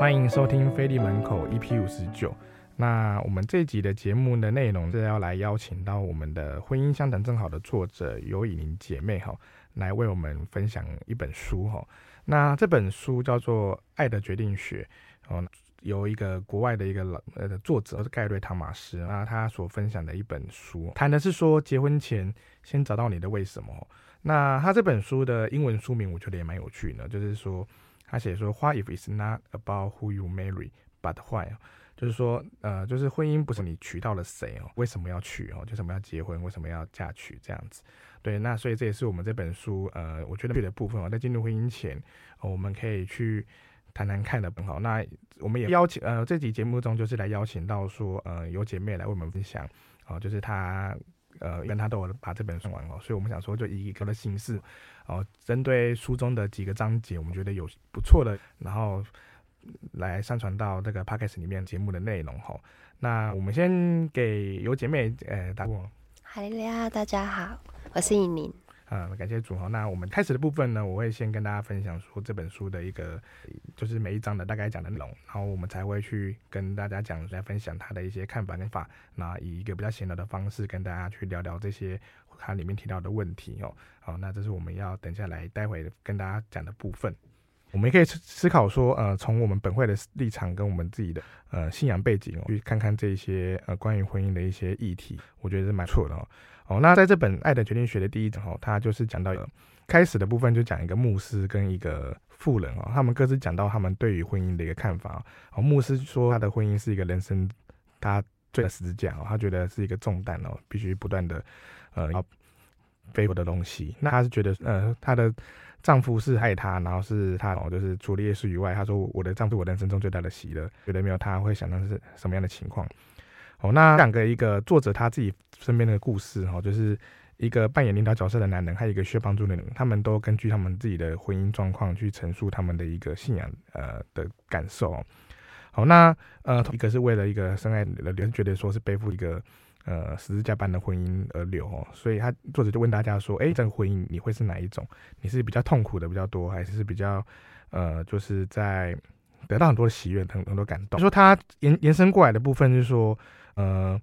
歡迎收聽腓利門口 EP 五十九。那我們這一集的節目的內容是要來邀請到我們的婚姻相疼正好的作者游以玲姐妹哈，來為我們分享一本書哈。那這本書叫做《愛的決定學》，由一個國外的一個老呃作者，是蓋瑞·唐馬斯，那他所分享的一本書，談的是說結婚前先找到你的為什麼。那他這本書的英文書名我覺得也蠻有趣的，就是說。他寫說 What if it's not about who you marry, but why？” 就是說，呃，就是婚姻不是你娶到了誰哦，為什麼要娶哦？就什麼要結婚？為什麼要嫁娶這樣子？對，那所以這也是我們這本書，呃，我覺得的部分。我在進入婚姻前、呃，我們可以去談談看的。好，那我們也邀請，呃，這集節目中就是來邀請到說，呃，有姐妹來為我們分享，哦、呃，就是她。呃，跟他都有把這本送完了，所以我們想說，就以一個的形式，哦、呃，針對書中的幾個章節，我們覺得有不錯的，然後來上傳到這個 podcast 裡面節目的內容哈。那我們先給有姐妹呃打過，嗨呀，大家好，我是一寧。啊、嗯，感謝主哦。那我們開始的部分呢，我會先跟大家分享說這本書的一個，就是每一章的大概講的內容，然後我們才會去跟大家講來分享他的一些看法跟法。那以一個比較閒聊的方式跟大家去聊聊這些他裡面提到的問題哦。好，那這是我們要等下來待會跟大家講的部分。我們也可以思考說，呃，從我們本會的立場跟我們自己的呃信仰背景哦，去看看這些呃關於婚姻的一些議題，我覺得是蠻不錯的。哦。哦，那在這本《愛的決定學》的第一章，它就是講到、呃、開始的部分，就講一個牧師跟一個婦人哦，他們各自講到他們對於婚姻的一個看法。哦，牧師說他的婚姻是一個人生他最大的十字架哦，他覺得是一個重擔哦，必須不斷的呃背負的東西。那他是覺得呃，他的丈夫是愛他，然後是他哦，就是除了耶穌以外，他說我的丈夫我人生中最大的喜樂，覺得沒有他會想像是什麼樣的情況。好，那兩個一個作者他自己身邊的故事哈、哦，就是一個扮演領導角色的男人，還有一個需要幫助的女人，他們都根據他們自己的婚姻狀況去陳述他們的一個信仰呃的感受。好，那呃一個是為了一個深愛的人覺得說是背負一個呃十字架般的婚姻而留。哦，所以他作者就問大家說，誒、欸，這個婚姻你會是哪一種？你是比較痛苦的比較多，還是比較呃就是在？得到很多喜悅，很多很多感動。就是、說他延延伸過來的部分，就是說，呃，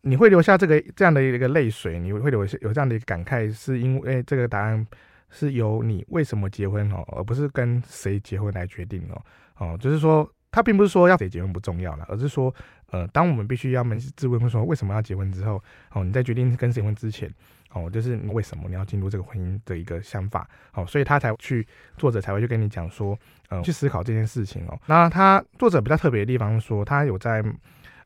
你會留下這個這樣的一個淚水，你會留下有這樣的一個感慨，是因為這個答案是由你為什麼結婚哦、喔，而不是跟誰結婚來決定哦哦、喔，就是說，他並不是說要誰結婚不重要了，而是說，呃，當我們必須要捫心自問說為什麼要結婚之後，哦、喔，你在決定跟誰結婚之前。哦，就是為什麼你要進入這個婚姻的一個想法，好、哦，所以他才去作者才會去跟你講說，呃，去思考這件事情哦。那他作者比較特別的地方說，說他有在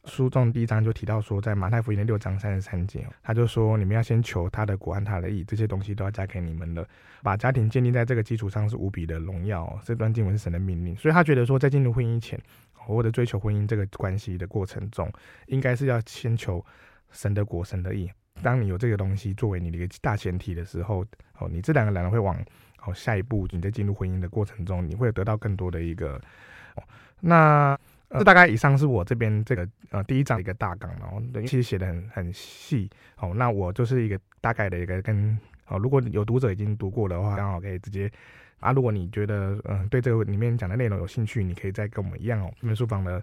書中第一章就提到說，在馬太福音的六章三十三節，他就說你們要先求他的國和，他的義，這些東西都要加給你們的。把家庭建立在這個基礎上是無比的榮耀、哦。這段經文是神的命令，所以他覺得說在進入婚姻前，或、哦、者追求婚姻這個關係的過程中，應該是要先求神的國，神的義。當你有這個東西作為你的一個大前提的時候，哦，你這兩個人會往、哦、下一步，你在進入婚姻的過程中，你會得到更多的一個、哦、那、呃、對這大概以上是我這邊這個呃第一章的一個大綱，然、哦、後其實寫的很很細、哦。那我就是一個大概的一個跟、哦、如果有讀者已經讀過的話，剛好可以直接啊。如果你覺得嗯、呃、對這個裡面講的內容有興趣，你可以再跟我們一樣哦，美書房的。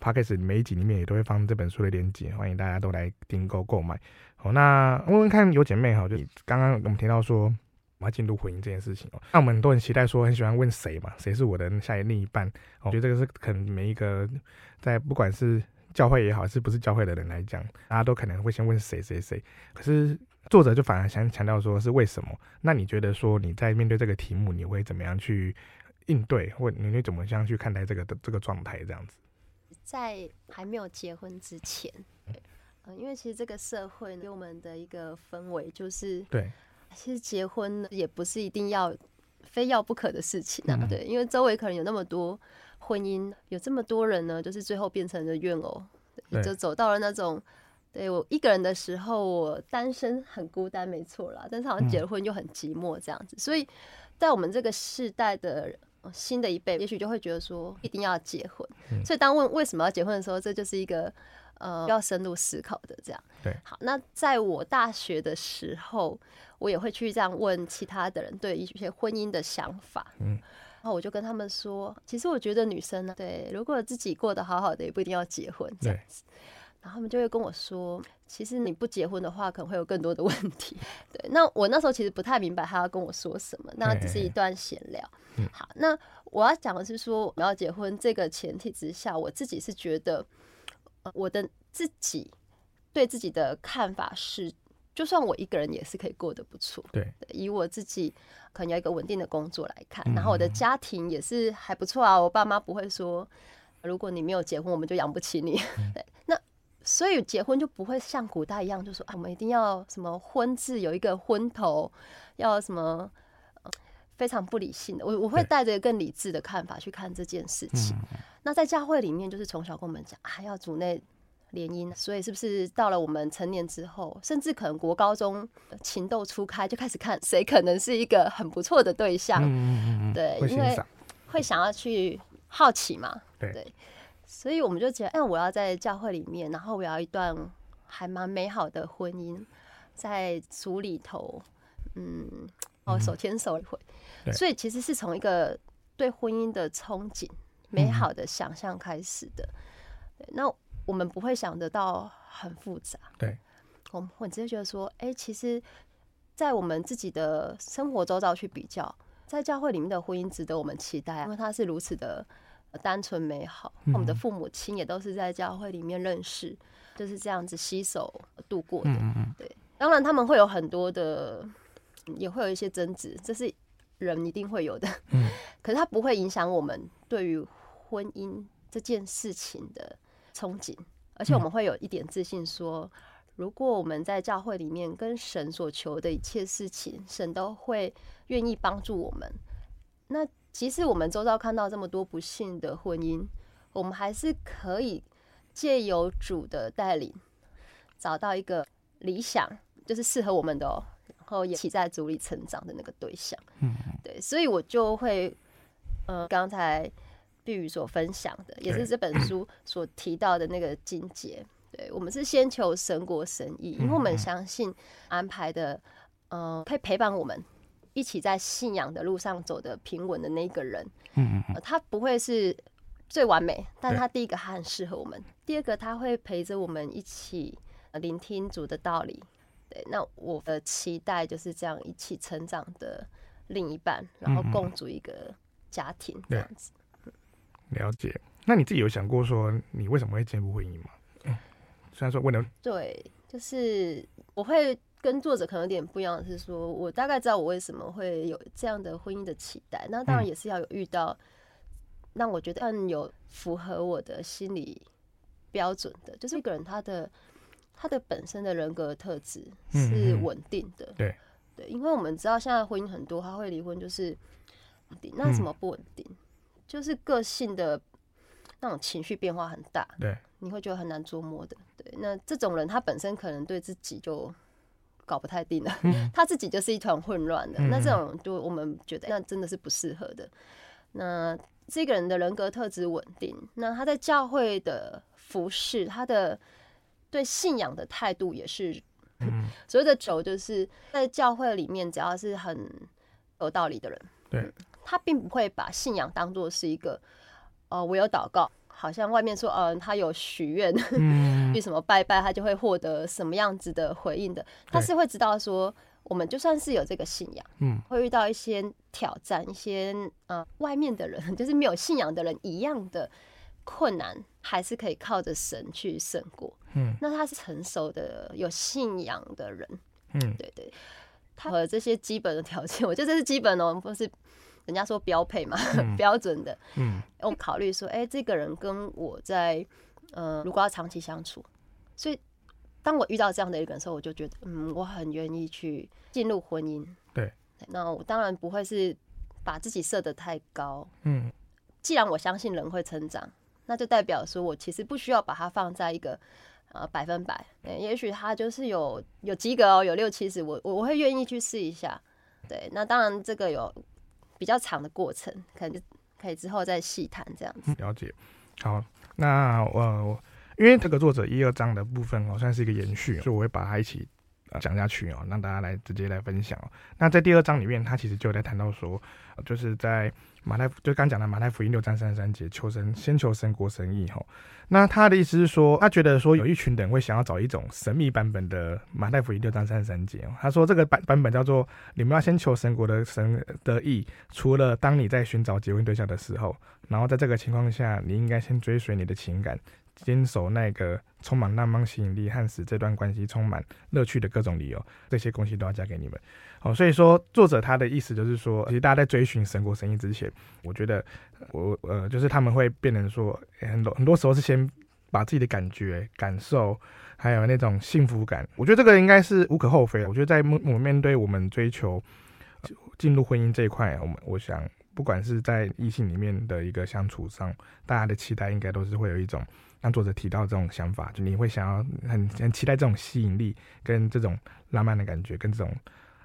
Podcast 每一集裡面也都會放這本書的鏈接，歡迎大家都來訂購購買。好，那問問看有姐妹哈，就剛剛我們提到說我要進入婚姻這件事情哦，那我們都很期待說很喜歡問誰嘛，誰是我的下一另一,一半？我覺得這個是可能每一個在不管是教會也好，是不是教會的人來講，大家都可能會先問誰誰誰。可是作者就反而想強調說是為什麼？那你覺得說你在面對這個題目，你會怎麼樣去應對，或你會怎麼樣去看待這個這個狀態？這樣子。在還沒有結婚之前，對，嗯，因為其實這個社會給我們的一個氛圍就是對，其實結婚呢也不是一定要非要不可的事情啊。嗯、對，因為周圍可能有那麼多婚姻，有這麼多人呢，就是最後變成了怨偶，對就走到了那種，對，我一個人的時候，我單身很孤單，沒錯啦，但是好像結了婚又很寂寞這樣子，嗯、所以在我們這個世代的。新的一輩，也許就會覺得說一定要結婚，嗯、所以當問為什麼要結婚的時候，這就是一個呃要深入思考的這樣。對，好，那在我大學的時候，我也會去這樣問其他的人對一些婚姻的想法。嗯，然後我就跟他們說，其實我覺得女生呢、啊，對，如果自己過得好好的，也不一定要結婚。對。然後他們就會跟我說：“其實你不結婚的話，可能會有更多的問題。”對，那我那時候其實不太明白他要跟我說什麼。那只是一段閒聊。哎哎哎嗯，好，那我要講的是說，我要結婚這個前提之下，我自己是覺得、呃，我的自己對自己的看法是，就算我一個人也是可以過得不錯。對，對，以我自己可能有一個穩定的工作來看，然後我的家庭也是還不錯啊。我爸媽不會說，呃、如果你沒有結婚，我們就養不起你。嗯、對，那所以結婚就不會像古代一樣就，就說啊，我們一定要什麼婚字，有一個婚頭，要什麼、呃、非常不理性的。我我會帶着更理智的看法去看這件事情。嗯、那在教會裡面，就是從小跟我們講啊，要主內聯姻。所以是不是到了我們成年之後，甚至可能國高中情竇初開就開始看誰可能是一個很不錯的對象？嗯嗯嗯、對，因為會想要去好奇嘛。對。對所以我們就覺得，哎，我要在教會裡面，然後我要一段還蠻美好的婚姻，在主裡頭，嗯，哦，手牽手一回。嗯、哼所以其實是從一個對婚姻的憧憬、美好的想象開始的。嗯哼對，那我們不會想得到很複雜。對，我們我直接覺得說，哎、欸，其實，在我們自己的生活周遭去比較，在教會裡面的婚姻值得我們期待啊，因為它是如此的。單純美好，我們的父母親也都是在教會裡面認識，就是這樣子攜手度過的。對，當然他們會有很多的，也會有一些爭執，這是人一定會有的。可是它不會影響我們對於婚姻這件事情的憧憬，而且我們會有一點自信，說如果我們在教會裡面跟神所求的一切事情，神都會願意幫助我們。那。其實我們周遭看到這麼多不幸的婚姻，我們還是可以借由主的帶領，找到一個理想，就是適合我們的、哦，然後也起在主裡成長的那個對象。對，所以我就會，呃，剛才碧宇所分享的，也是這本書所提到的那個境界。對，我們是先求神國神義，因為我們相信安排的，嗯、呃，可以陪伴我們。一起在信仰的路上走的平穩的那個人，嗯，嗯，嗯、呃、他不會是最完美，但他第一個他很適合我們，對第二個他會陪着我們一起、呃、聆聽主的道理，對。那我的期待就是這樣一起成長的另一半，然後共組一個家庭，這樣子嗯嗯。了解。那你自己有想過說你為什麼會進入婚姻嗎？嗯、雖然說為了對，就是我會。跟作者可能有點不一樣的，是說我大概知道我為什麼會有這樣的婚姻的期待。那當然也是要有遇到讓、嗯、我覺得有符合我的心理標準的，就是一個人他的他的本身的人格的特質是穩定的。嗯嗯嗯對對，因為我們知道現在婚姻很多他會離婚，就是那什麼不穩定，嗯、就是個性的那種情緒變化很大。對，你會覺得很難捉摸的。對，那這種人他本身可能對自己就。搞不太定了，嗯、他自己就是一團混亂的。嗯、那這種，就我們覺得，那真的是不適合的。那這個人的人格特質穩定，那他在教會的服侍，他的對信仰的態度也是，嗯、所謂的軸，就是在教會裡面，只要是很有道理的人，對他並不會把信仰當做是一個，呃，我有禱告。好像外面說，嗯，他有許願，嗯，為什麼拜拜，他就會獲得什麼樣子的回應的。他是會知道說，我們就算是有這個信仰，嗯，會遇到一些挑戰，一些啊、呃，外面的人就是沒有信仰的人一樣的困難，還是可以靠着神去勝過。嗯，那他是成熟的有信仰的人，嗯，對對，他和這些基本的條件，我覺得這是基本的、哦。我們不是。人家說標配嘛，嗯、 標準的。嗯，我考慮說，哎、欸，這個人跟我在，呃，如果要長期相處，所以當我遇到這樣的一個人的時候，我就覺得，嗯，我很願意去進入婚姻。對，對，那我當然不會是把自己設得太高。嗯，既然我相信人會成長，那就代表說我其實不需要把它放在一個、呃、百分百。嗯、欸，也許他就是有有及格哦，有六七十，我我我會願意去試一下。對，那當然這個有比較長的過程，可能可以之後再細談這樣子。嗯，了解，好，那呃我，因為這個作者一二章的部分好、喔，算是一個延續，所以我會把它一起講下去哦、喔，啊，讓大家來直接來分享喔。那在第二章裡面，他其實就在談到說。就是在馬太，就剛講的馬太福音六章三十三節，求神先求神國神義，哈。那他的意思是說，他覺得說有一群人會想要找一種神秘版本的馬太福音六章三十三節哦。他說這個版版本叫做你們要先求神國的神的義，除了當你在尋找結婚對象的時候，然後在這個情況下，你應該先追隨你的情感，堅守那個充滿浪漫吸引力和使這段關係充滿樂趣的各種理由，這些東西都要加給你們。哦，所以說作者他的意思就是說，其實大家在追尋神國神義之前，我覺得我呃，就是他們會變成說，很多很多時候是先把自己的感覺、感受，還有那種幸福感，我覺得這個應該是無可厚非的。我覺得在我們面對我們追求進入婚姻這一塊，我們我想，不管是在異性裡面的一個相處上，大家的期待應該都是會有一種，讓作者提到這種想法，就你會想要很很期待這種吸引力跟這種浪漫的感覺，跟這種。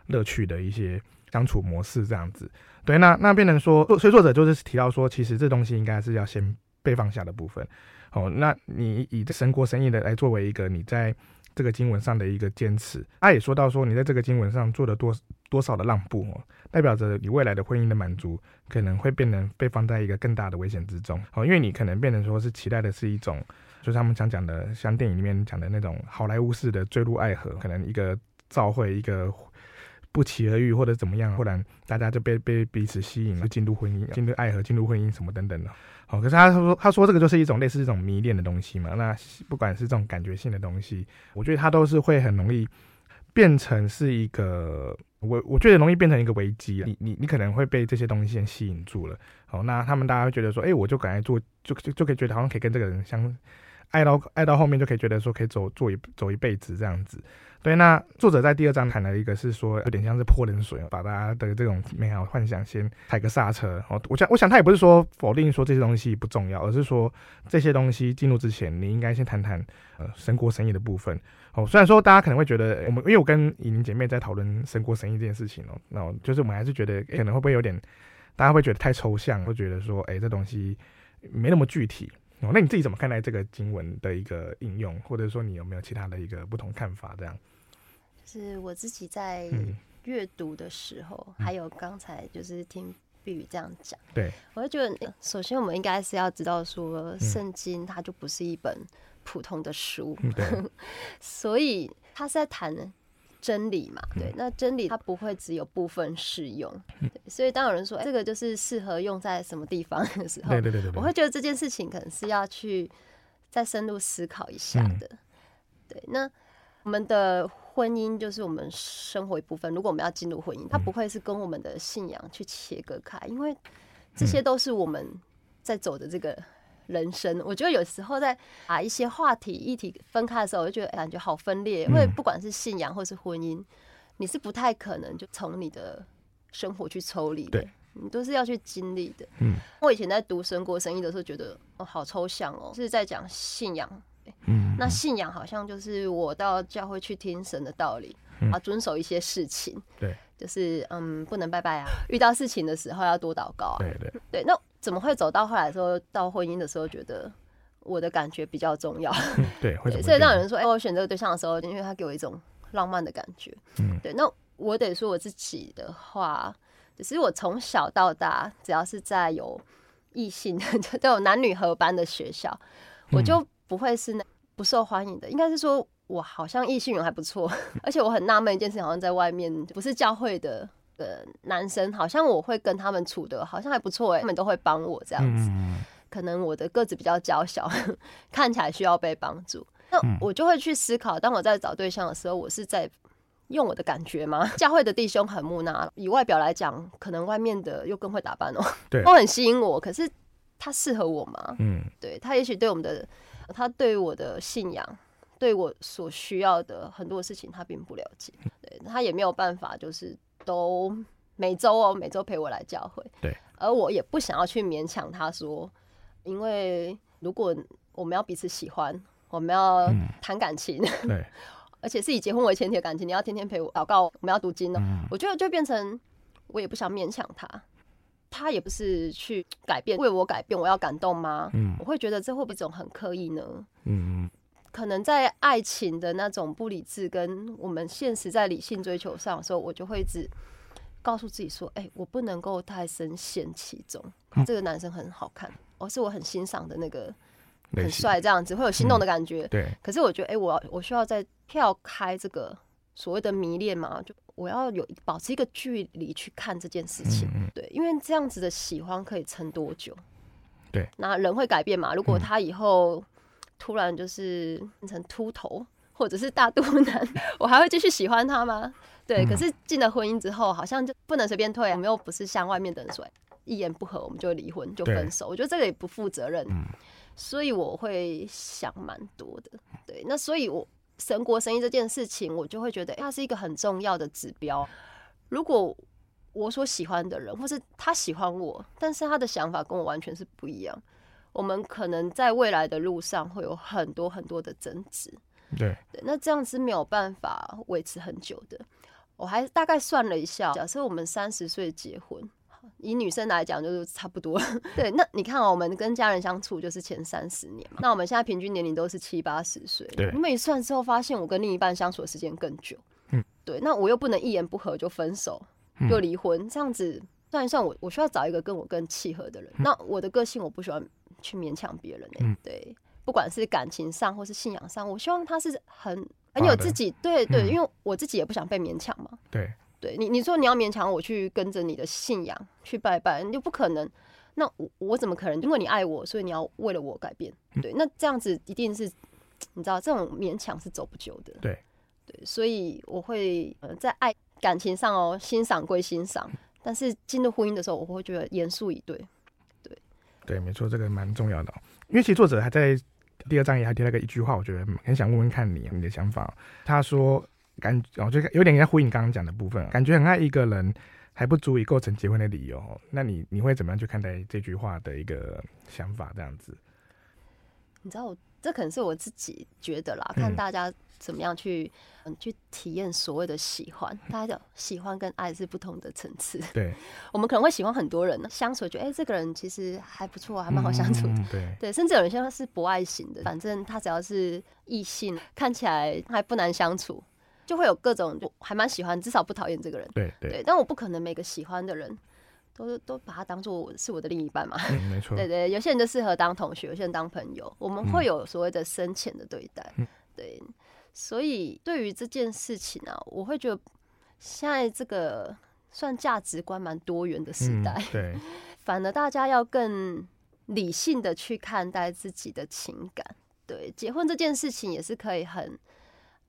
樂趣的一些相處模式，這樣子，對，那那變成說，所以作者就是提到說，其實這東西應該是要先被放下的部分，哦，那你以神國神意的來作為一個你在這個經文上的一個堅持，他、啊、也說到說，你在這個經文上做的多多少的讓步、哦，代表着你未來的婚姻的滿足可能會變成被放在一個更大的危險之中，哦，因為你可能變成說是期待的是一種，就他們想講的，像電影裡面講的那種好萊塢式的墜入愛河，可能一個召會一個。不期而遇，或者怎麼樣，不然大家就被被彼此吸引了，進入婚姻，進入愛河進入婚姻什麼等等的。好、哦，可是他說，他說這個就是一種類似一種迷戀的東西嘛。那不管是這種感覺性的東西，我覺得他都是會很容易變成是一個，我我覺得容易變成一個危機。你你你可能會被這些東西先吸引住了。好、哦，那他們大家會覺得說，哎、欸，我就感覺做就就就可以覺得好像可以跟這個人相。愛到愛到後面就可以覺得說可以走做一走一輩子這樣子，對。那作者在第二章談了一個是說有點像是潑冷水，把大家的這種美好幻想先踩個剎車。哦，我想我想他也不是說否定說這些東西不重要，而是說這些東西進入之前，你應該先談談神國神意的部分。哦，雖然說大家可能會覺得我們，因為我跟以琳姐妹在討論神國神意這件事情哦，那就是我們還是覺得可能會不會有點大家會覺得太抽象，會覺得說哎、欸、這東西沒那麼具體。哦，那你自己怎麼看待這個經文的一個應用，或者說你有沒有其他的一個不同看法？這樣，就是我自己在閱讀的時候，嗯、還有剛才就是聽碧宇這樣講，對，我就覺得，首先我們應該是要知道說，聖經它就不是一本普通的書，嗯、 所以它是在談。真理嘛，對，那真理它不會只有部分適用，對，所以當有人說、哎“這個就是適合用在什麼地方”的時候，對對對對，我會覺得這件事情可能是要去再深入思考一下的。嗯、對，那我們的婚姻就是我們生活一部分，如果我們要進入婚姻，它不會是跟我們的信仰去切割開，因為這些都是我們在走的這個。人生，我覺得有時候在把一些話題議題分開的時候，我就覺得、欸、感覺好分裂。因為、嗯、不管是信仰或是婚姻，你是不太可能就從你的生活去抽離的，對你都是要去經歷的。嗯，我以前在讀神國神義的時候，覺得哦好抽象哦，是在講信仰。欸、嗯，嗯，嗯，那信仰好像就是我到教會去聽神的道理，啊、嗯，遵守一些事情。嗯、對，就是嗯，不能拜拜啊，遇到事情的時候要多禱告啊。對對對，那。怎麼會走到後來的時候，說到婚姻的時候，覺得我的感覺比較重要？嗯、對，對會，所以讓人說，哎、欸，我選擇個對象的時候，因為他給我一種浪漫的感覺。嗯、對。那我得說我自己的話，只、就是我從小到大，只要是在有異性的，都有男女合班的學校，嗯、我就不會是那不受歡迎的。應該是說我好像異性緣還不錯，嗯、而且我很納悶一件事，好像在外面不是教會的。呃，男生好像我會跟他們處得好像還不錯，哎、欸，他們都會幫我這樣子。嗯嗯嗯，可能我的個子比較嬌小呵呵，看起來需要被幫助，那我就會去思考：當我在找對象的時候，我是在用我的感覺嗎？教會的弟兄很木訥，以外表來講，可能外面的又更會打扮哦，對都很吸引我。可是他適合我嗎？嗯，對，他也許對我們的，他對我的信仰，對我所需要的很多事情，他並不了解，對他也沒有辦法就是。都每週哦、喔，每週陪我來教會。對，而我也不想要去勉強他，說，因為如果我們要彼此喜歡，我們要談感情，嗯、而且是以結婚為前提的感情，對你要天天陪我禱告我，我們要讀經呢、喔。嗯、我覺得就變成，我也不想勉強他，他也不是去改變為我改變，我要感動嗎？嗯、我會覺得這會不會一種很刻意呢？嗯。可能在愛情的那種不理智，跟我們現實在理性追求上的時候，我就會只告訴自己說：“哎、欸，我不能夠太深陷其中。啊、這個男生很好看，我、嗯哦、是我很欣賞的那個，很帥，這樣子型會有心動的感覺。嗯、對，可是我覺得，哎、欸，我我需要再跳開這個所謂的迷戀嘛，就我要有保持一個距離去看這件事情。嗯嗯對，因為這樣子的喜歡可以撐多久？對，那人會改變嘛？如果他以後……突然就是變成禿頭，或者是大肚腩，我還會繼續喜歡他嗎？對，嗯、可是進了婚姻之後，好像就不能隨便退、啊，我們又不是像外面的人說，一言不合我們就離婚就分手，對我覺得這個也不負責任，嗯、所以我會想蠻多的。對，那所以，我神國神意這件事情，我就會覺得它是一個很重要的指標。如果我所喜歡的人，或是他喜歡我，但是他的想法跟我完全是不一樣。我們可能在未來的路上會有很多很多的爭執，對對，那這樣子沒有辦法維持很久的。我還大概算了一下，假設我們三十歲結婚，以女生來講就是差不多。 對，那你看，哦、我們跟家人相處就是前三十年嘛。 那我們現在平均年齡都是七八十歲，我們對一算之後發現，我跟另一半相處的時間更久。嗯，對，那我又不能一言不合就分手就離婚，嗯、這樣子算一算我，我我需要找一個跟我更契合的人。嗯、那我的個性我不喜歡去勉強別人呢，嗯、對，不管是感情上或是信仰上，我希望他是很很有自己，的對、嗯、對，因為我自己也不想被勉強嘛，對對，你你說你要勉強我去跟着你的信仰去拜拜，你就不可能，那我我怎麼可能？因為你愛我，所以你要為了我改變，嗯、對，那這樣子一定是你知道，這種勉強是走不久的，對對，所以我會呃在愛感情上哦，欣賞歸欣賞，但是進入婚姻的時候，我會覺得嚴肅以對。對，沒錯，這個蠻重要的哦，因為其實作者還在第二章也還提了個一句話，我覺得很想問問看你你的想法哦。他說，感，就有點應該呼應剛剛講的部分，感覺很愛一個人還不足以構成結婚的理由。那你你會怎麼樣去看待這句話的一個想法？這樣子，你知道我。這可能是我自己覺得啦，看大家怎麼樣去、嗯、去體驗所謂的喜歡。大家喜歡跟愛是不同的層次。對，我們可能會喜歡很多人呢，相處就哎、欸，這個人其實還不錯，還蠻好相處的。嗯、對，對，甚至有人現在是博愛型的，反正他只要是異性，看起來還不難相處，就會有各種，還蠻喜歡，至少不討厭這個人。對，對，對，但我不可能每個喜歡的人。都是都把他當做我是我的另一半嘛、嗯，沒錯。 對，對對，有些人就適合當同學，有些人當朋友，我們會有所謂的深淺的對待，嗯、對。所以對於這件事情啊，我會覺得現在這個算價值觀蠻多元的時代，嗯、對。 反而大家要更理性的去看待自己的情感，對。結婚這件事情也是可以很、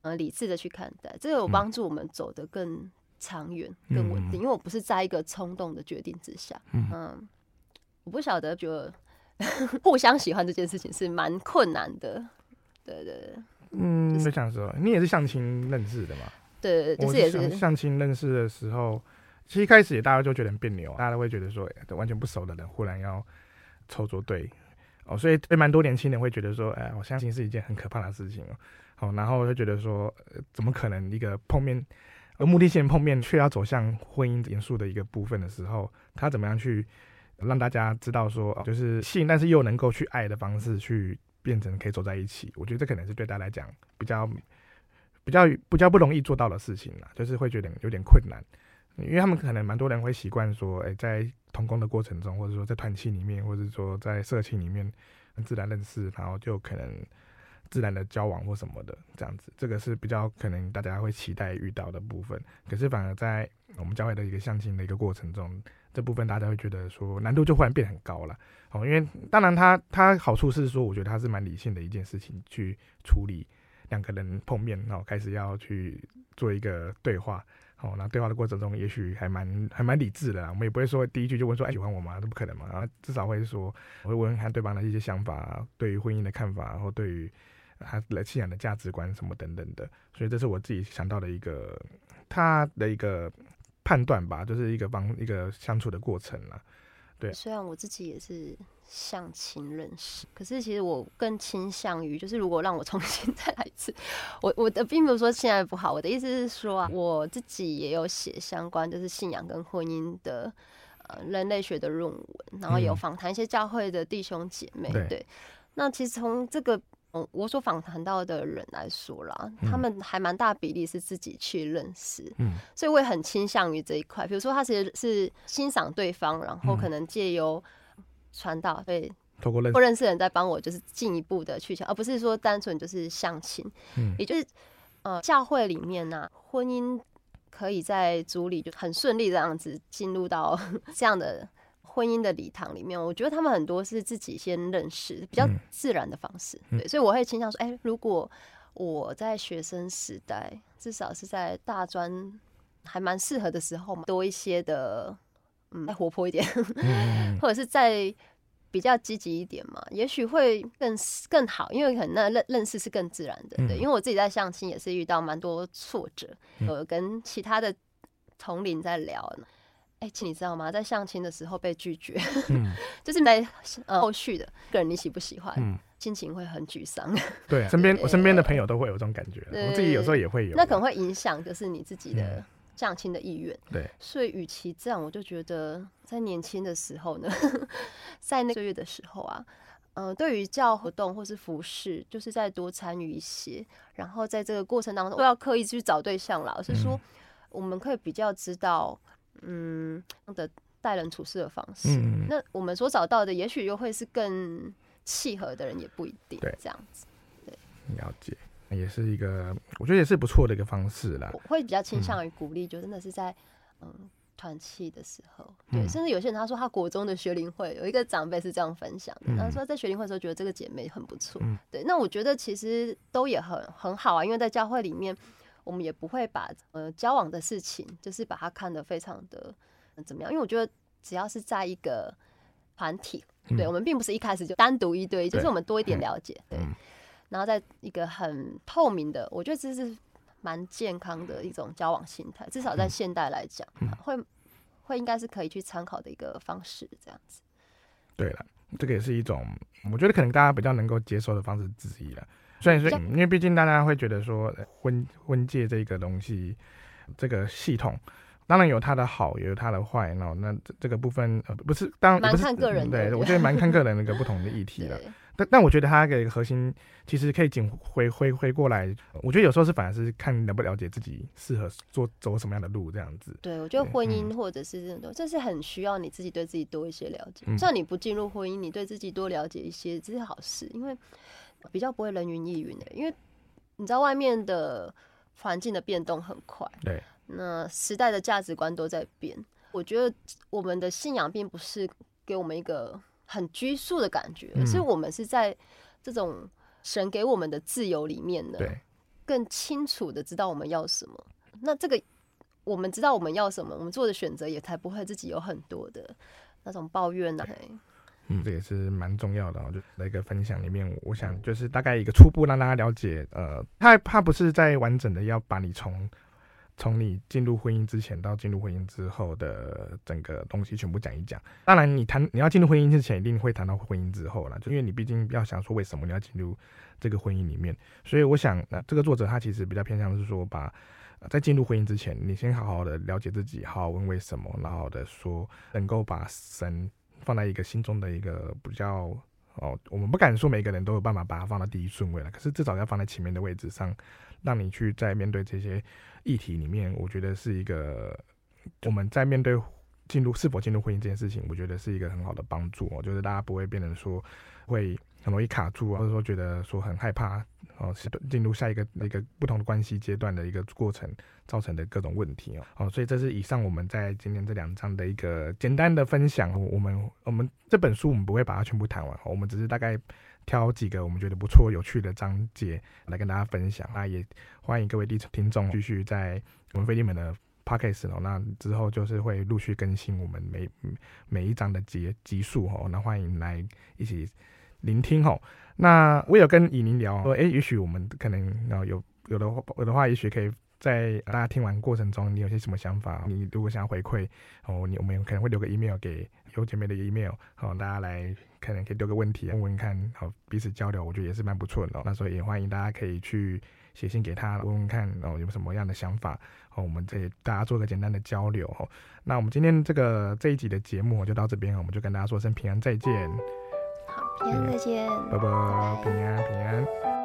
呃、理智的去看待，這個有幫助我們走得更。嗯長遠更穩定，嗯嗯、因為我不是在一個衝動的決定之下。嗯，嗯，我不曉得，得，就互相喜歡這件事情是蠻困難的。對對，對嗯，沒想、就是、說，你也是相親認識的嘛？對對，對就是也是相親認識的時候，其實一開始大家就覺得很別扭，大家都會覺得說，欸、完全不熟的人忽然要湊作對哦，所以蠻多年輕人會覺得說，哎、欸，我相親是一件很可怕的事情哦。好，然後就覺得說、呃，怎麼可能一個碰面？而目的性碰面，卻要走向婚姻嚴肅的一個部分的時候，他怎麼樣去讓大家知道說，就是信，但是又能夠去愛的方式，去變成可以走在一起？我覺得這可能是對大家來講比較、比較、比較不容易做到的事情啦，就是會覺得有點困難，因為他們可能蠻多人會習慣說，哎，在同工的過程中，或者說在團契裡面，或者說在社群裡面很自然認識，然後就可能。自然的交往或什麼的這樣子，這個是比較可能大家會期待遇到的部分。可是反而在我們教會的一個相親的一個過程中，這部分大家會覺得說難度就忽然變得很高了。哦，因為當然它它好處是說，我覺得它是蠻理性的一件事情去處理兩個人碰面，然後開始要去做一個對話。好，那對話的過程中，也許還蠻還蠻理智的。我們也不會說第一句就問說哎，喜歡我嗎？這不可能嘛。然後至少會說我會問看對方的一些想法，對於婚姻的看法，然後對於。他的信仰的價值觀什麼等等的，所以這是我自己想到的一個他的一個判斷吧，就是一個幫一個相處的過程了、啊。對，雖然我自己也是相親認識，可是其實我更傾向於就是如果讓我重新再來一次，我我的並不是說現在不好，我的意思是說啊，我自己也有寫相關就是信仰跟婚姻的呃人類學的論文，然後有訪談一些教會的弟兄姐妹。嗯、對，對，那其實從這個。我所訪談到的人來說啦，嗯、他們還蠻大比例是自己去認識，嗯、所以我也很傾向於這一塊。比如說，他其實是欣賞對方，然後可能借由傳道被或認識的人在幫我，就是進一步的去想，嗯、而不是說單純就是相親。嗯，也就是呃，教會裡面呢、啊，婚姻可以在主裡就很順利這樣子進入到 這樣的。婚姻的禮堂裡面，我覺得他們很多是自己先認識，比較自然的方式。對，所以我會傾向說：哎、欸，如果我在學生時代，至少是在大專還蠻適合的時候嘛，多一些的，嗯，再活潑一點，嗯、或者是再比較積極一點嘛，也許會更更好。因為可能那認認識是更自然的。對，因為我自己在相親也是遇到蠻多挫折，嗯、呃，跟其他的同齡在聊呢。哎、你知道嗎？在相親的時候被拒絕，嗯、呵呵就是在呃後續的個人你喜不喜歡，嗯、心情會很沮喪。對，啊、對，身邊我身邊的朋友都會有這種感覺，對我自己有時候也會有。那可能會影響就是你自己的相親的意願、嗯。對，所以與其這樣，我就覺得在年輕的時候呢，在那個歲月的時候啊，嗯、呃，對於教會活動或是服事，就是再多參與一些，然後在這個過程當中不要刻意去找對象啦，而是說我們可以比較知道。嗯的待人處事的方式，嗯、那我們所找到的也許又會是更契合的人，也不一定。對，這樣子，對，對。了解，也是一個，我覺得也是不錯的一個方式啦。我會比較傾向於鼓勵，嗯、就真的是在嗯團契的時候，對，嗯、甚至有些人他說他國中的學齡會有一個長輩是這樣分享的，嗯、他說他在學齡會的時候覺得這個姐妹很不錯，嗯、對，那我覺得其實都也很很好啊，因為在教會裡面。我們也不會把呃交往的事情，就是把它看得非常的，呃、怎麼樣，因為我覺得只要是在一個團體，嗯、對，我們並不是一開始就單獨一對一，就是我們多一點了解，嗯、對，然後在一個很透明的，我覺得這是蠻健康的一種交往心態，至少在現代來講，嗯，會會應該是可以去參考的一個方式，這樣子。對了，這個也是一種，我覺得可能大家比較能夠接受的方式之一了。所以說、嗯，像因為畢竟大家會覺得說婚，婚婚介這個東西，這個系統當然有它的好，也有，有它的壞。然後那這這個部分呃，不是當然蠻看個人的對，對我覺得蠻看個人那個不同的議題的。 對 但但我覺得它個核心其實可以緊回回回過來。我覺得有時候是反而是看你了不了解自己適合做走什麼樣的路這樣子。對，我覺得婚姻或者是這種，嗯、這是很需要你自己對自己多一些了解。像、嗯、你不進入婚姻，你對自己多了解一些，這是好事，因為。比較不會人云亦云的。欸，因為你知道外面的環境的變動很快，對，那時代的價值觀都在變。我覺得我們的信仰並不是給我們一個很拘束的感覺，而是我們是在這種神給我們的自由裡面的，對更清楚的知道我們要什麼。那這個我們知道我們要什麼，我們做的選擇也才不會自己有很多的那種抱怨呢，啊欸。嗯，這也是蠻重要的啊。就那個分享裡面，我想就是大概一個初步讓大家了解，呃，他怕不是在完整的要把你從從你進入婚姻之前到進入婚姻之後的整個東西全部講一講。當然，你談你要進入婚姻之前，一定會談到婚姻之後啦，就因為你畢竟要想說為什麼你要進入這個婚姻裡面。所以我想，這個作者他其實比較偏向是說，把在進入婚姻之前，你先好好的了解自己，好好問為什麼，然後好的說能夠把神。放在一個心中的一個比較哦，我們不敢說每個人都有辦法把它放到第一順位了，可是至少要放在前面的位置上，讓你去在面對這些議題裡面，我覺得是一個就我們在面對進入是否進入婚姻這件事情，我覺得是一個很好的幫助哦，就是大家不會變成說會。很容易卡住，或者說覺得說很害怕哦，是進入下一個那個不同的關係階段的一個過程造成的各種問題哦哦，所以這是以上我們在今天這兩章的一個簡單的分享。我們我們這本書我們不會把它全部談完，我們只是大概挑幾個我們覺得不錯、有趣的章節來跟大家分享。那也歡迎各位聽聽眾繼續在我們腓利門的 Podcast 哦，那之後就是會陸續更新我們每每一章的節集數哦，那歡迎來一起。聆聽哈，那我有跟以寧聊說，說、欸、也許我們可能然後有有的有的話，也許可以在大家聽完過程中，你有些什麼想法？你如果想要回饋，哦、喔，你我們可能會留個 email 給游姊妹的 email，好、喔，大家來可能可以留個問題問問看，好、喔，彼此交流，我覺得也是蠻不錯的、喔。那所以也歡迎大家可以去寫信給他問問看，哦、喔，有什麼樣的想法，好、喔，我們再大家做個簡單的交流。哦、喔，那我們今天這個這一集的節目就到這邊、喔，我們就跟大家說聲平安再見。好，平安再見，拜拜，拜拜平安，平安。